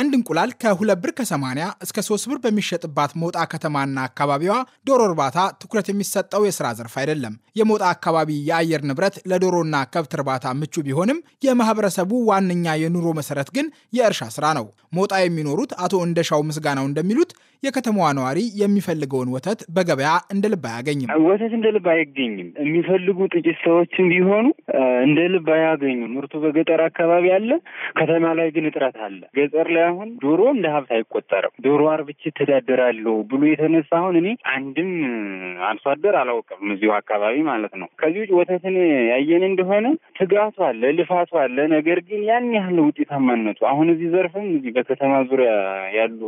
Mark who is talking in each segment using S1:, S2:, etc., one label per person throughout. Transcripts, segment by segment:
S1: አንድ እንቁላል ከሁለት ብር ከ80 እስከ 3 ብር በሚሸጥባት ሞጣ ከተማና አካባቢዋ ዶሮ እርባታ ትኩረት የሚሰጠው የስራ ዘርፍ አይደለም። የሞጣ አካባቢ የአየር ንብረት ለዶሮና ከብት እርባታ ምቹ ቢሆንም የማህበረሰቡ ዋነኛ የኑሮ መሰረት ግን የእርሻ ስራ ነው። ሞጣ የሚኖሩት አቶ እንደሻው ምስጋናው እንደሚሉት የከተማዋ ነዋሪ የሚፈልገውን ወተት በገበያ እንደ ልብ አያገኝም። ወተት
S2: እንደ ልብ አይገኝም። የሚፈልጉ ጥቂት ሰዎችም ቢሆኑ እንደ ልብ አያገኙ። ምርቱ በገጠር አካባቢ አለ፣ ከተማ ላይ ግን እጥረት አለ። ገጠር ላይ አሁን ዶሮ እንደ ሀብት አይቆጠርም። ዶሮ አርብቼ ተዳደራለሁ ብሎ የተነሳ አሁን እኔ አንድም አርሶ አደር አላውቅም እዚሁ አካባቢ ማለት ነው። ከዚህ ውጭ ወተትን ያየን እንደሆነ ትጋቱ አለ፣ ልፋቱ አለ። ነገር ግን ያን ያህል ውጤታማነቱ አሁን እዚህ ዘርፍም እዚህ በከተማ ዙሪያ ያሉ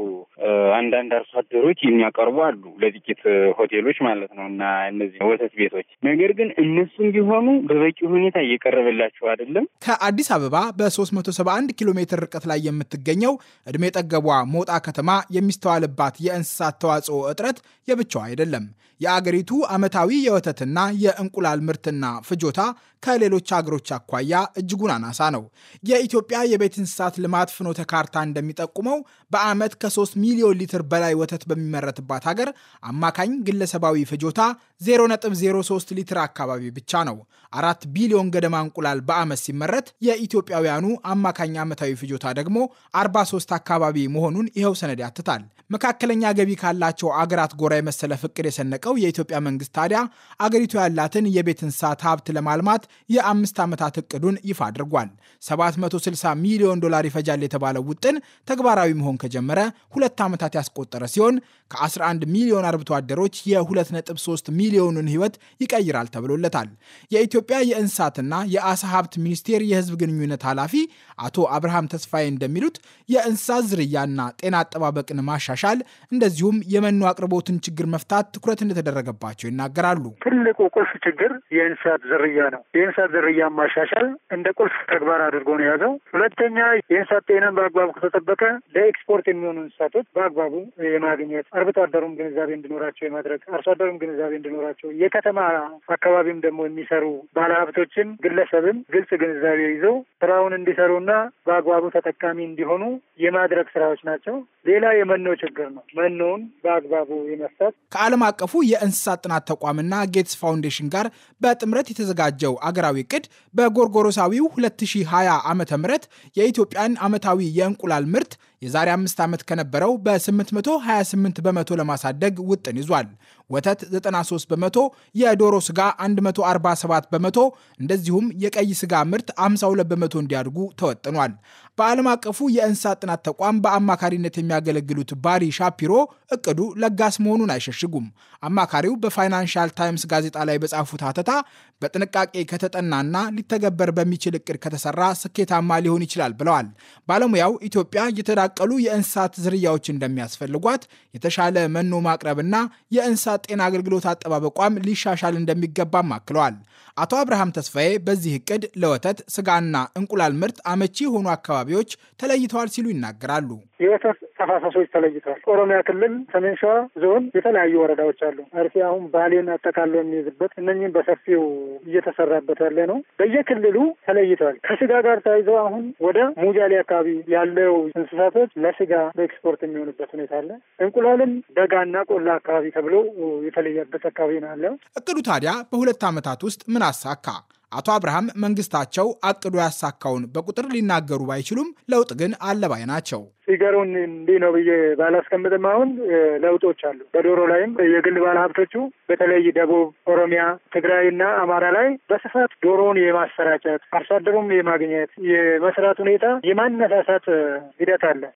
S2: አንዳንድ አርሶ አደሮች የሚያቀርቡ አሉ ለጥቂት ሆቴሎች ማለት ነው እና እነዚህ ወተት ቤቶች ነገር ግን እነሱም ቢሆኑ በበቂ ሁኔታ እየቀረበላቸው አይደለም።
S1: ከአዲስ አበባ በ371 ኪሎ ሜትር ርቀት ላይ የምትገኘው እድሜ ጠገቧ ሞጣ ከተማ የሚስተዋልባት የእንስሳት ተዋጽኦ እጥረት የብቻዋ አይደለም። የአገሪቱ ዓመታዊ የወተትና የእንቁላል ምርትና ፍጆታ ከሌሎች አገሮች አኳያ እጅጉን አናሳ ነው። የኢትዮጵያ የቤት እንስሳት ልማት ፍኖተ ካርታ እንደሚጠቁመው በዓመት ከ3 ሚሊዮን ሊትር በላይ ወተት በሚመረትባት ሀገር አማካኝ ግለሰባዊ ፍጆታ 0.03 ሊትር አካባቢ ብቻ ነው። አራት ቢሊዮን ገደማ እንቁላል በዓመት ሲመረት የኢትዮጵያውያኑ አማካኝ ዓመታዊ ፍጆታ ደግሞ 43 ሶስት አካባቢ መሆኑን ይኸው ሰነድ ያትታል። መካከለኛ ገቢ ካላቸው አገራት ጎራ የመሰለ ፍቅድ የሰነቀው የኢትዮጵያ መንግስት ታዲያ አገሪቱ ያላትን የቤት እንስሳት ሀብት ለማልማት የአምስት ዓመታት እቅዱን ይፋ አድርጓል። 760 ሚሊዮን ዶላር ይፈጃል የተባለው ውጥን ተግባራዊ መሆን ከጀመረ ሁለት ዓመታት ያስቆጠረ ሲሆን ከ11 ሚሊዮን አርብቶ አደሮች የ2.3 ሚሊዮኑን ህይወት ይቀይራል ተብሎለታል። የኢትዮጵያ የእንስሳትና የአሳ ሀብት ሚኒስቴር የህዝብ ግንኙነት ኃላፊ አቶ አብርሃም ተስፋዬ እንደሚሉት የ የእንስሳት ዝርያና ጤና አጠባበቅን ማሻሻል እንደዚሁም የመኖ አቅርቦትን ችግር መፍታት ትኩረት እንደተደረገባቸው ይናገራሉ።
S3: ትልቁ ቁልፍ ችግር የእንስሳት ዝርያ ነው። የእንስሳት ዝርያ ማሻሻል እንደ ቁልፍ ተግባር አድርጎ ነው የያዘው። ሁለተኛ የእንስሳት ጤናን በአግባቡ ከተጠበቀ ለኤክስፖርት የሚሆኑ እንስሳቶች በአግባቡ የማግኘት አርብቶ አደሩም ግንዛቤ እንዲኖራቸው የማድረግ አርሶ አደሩም ግንዛቤ እንዲኖራቸው የከተማ አካባቢም ደግሞ የሚሰሩ ባለሀብቶችም ግለሰብም ግልጽ ግንዛቤ ይዘው ስራውን እንዲሰሩና በአግባቡ ተጠቃሚ እንዲሆኑ የማድረግ ስራዎች ናቸው። ሌላ የመኖ ችግር ነው። መኖውን በአግባቡ የመፍታት
S1: ከዓለም አቀፉ የእንስሳት ጥናት ተቋምና ጌትስ ፋውንዴሽን ጋር በጥምረት የተዘጋጀው አገራዊ እቅድ በጎርጎሮሳዊው 2020 ዓ ም የኢትዮጵያን ዓመታዊ የእንቁላል ምርት የዛሬ አምስት ዓመት ከነበረው በ828 በመቶ ለማሳደግ ውጥን ይዟል። ወተት 93 በመቶ፣ የዶሮ ስጋ 147 በመቶ፣ እንደዚሁም የቀይ ስጋ ምርት 52 በመቶ እንዲያድጉ ተወጥኗል። በዓለም አቀፉ የእንስሳት ጥናት ተቋም በአማካሪነት የሚያገለግሉት ባሪ ሻፒሮ እቅዱ ለጋስ መሆኑን አይሸሽጉም። አማካሪው በፋይናንሻል ታይምስ ጋዜጣ ላይ በጻፉት አተታ በጥንቃቄ ከተጠናና ሊተገበር በሚችል እቅድ ከተሰራ ስኬታማ ሊሆን ይችላል ብለዋል። ባለሙያው ኢትዮጵያ የተዳ የተቀላቀሉ የእንስሳት ዝርያዎች እንደሚያስፈልጓት የተሻለ መኖ ማቅረብና የእንስሳት ጤና አገልግሎት አጠባበቋም ሊሻሻል እንደሚገባም አክለዋል። አቶ አብርሃም ተስፋዬ በዚህ እቅድ ለወተት ስጋና እንቁላል ምርት አመቺ የሆኑ አካባቢዎች ተለይተዋል ሲሉ ይናገራሉ።
S3: የወተት ተፋሰሶች ተለይተዋል ኦሮሚያ ክልል ሰሜን ሸዋ ዞን የተለያዩ ወረዳዎች አሉ። አርሲ አሁን ባሌን አጠቃሎ የሚይዝበት እነኝህም በሰፊው እየተሰራበት ያለ ነው። በየክልሉ ተለይቷል። ከስጋ ጋር ተያይዘው አሁን ወደ ሙጃሌ አካባቢ ያለው እንስሳቶች ለስጋ በኤክስፖርት የሚሆንበት ሁኔታ አለ። እንቁላልም ደጋና ቆላ አካባቢ ተብሎ የተለያበት አካባቢ ነው ያለው።
S1: እቅዱ ታዲያ በሁለት ዓመታት ውስጥ ምን አሳካ? አቶ አብርሃም መንግስታቸው አቅዶ ያሳካውን በቁጥር ሊናገሩ ባይችሉም ለውጥ ግን አለባይ ናቸው።
S3: ሲገሩን እንዲህ ነው ብዬ ባላስቀምጥም አሁን ለውጦች አሉ። በዶሮ ላይም የግል ባለሀብቶቹ በተለይ ደቡብ፣ ኦሮሚያ፣ ትግራይና አማራ ላይ በስፋት ዶሮውን የማሰራጨት አርሶ አደሩም የማግኘት የመስራት ሁኔታ የማነሳሳት ሂደት አለ።